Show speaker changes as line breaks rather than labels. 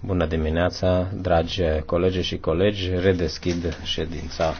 Bună dimineața, dragi colegi și colegi, redeschid ședința.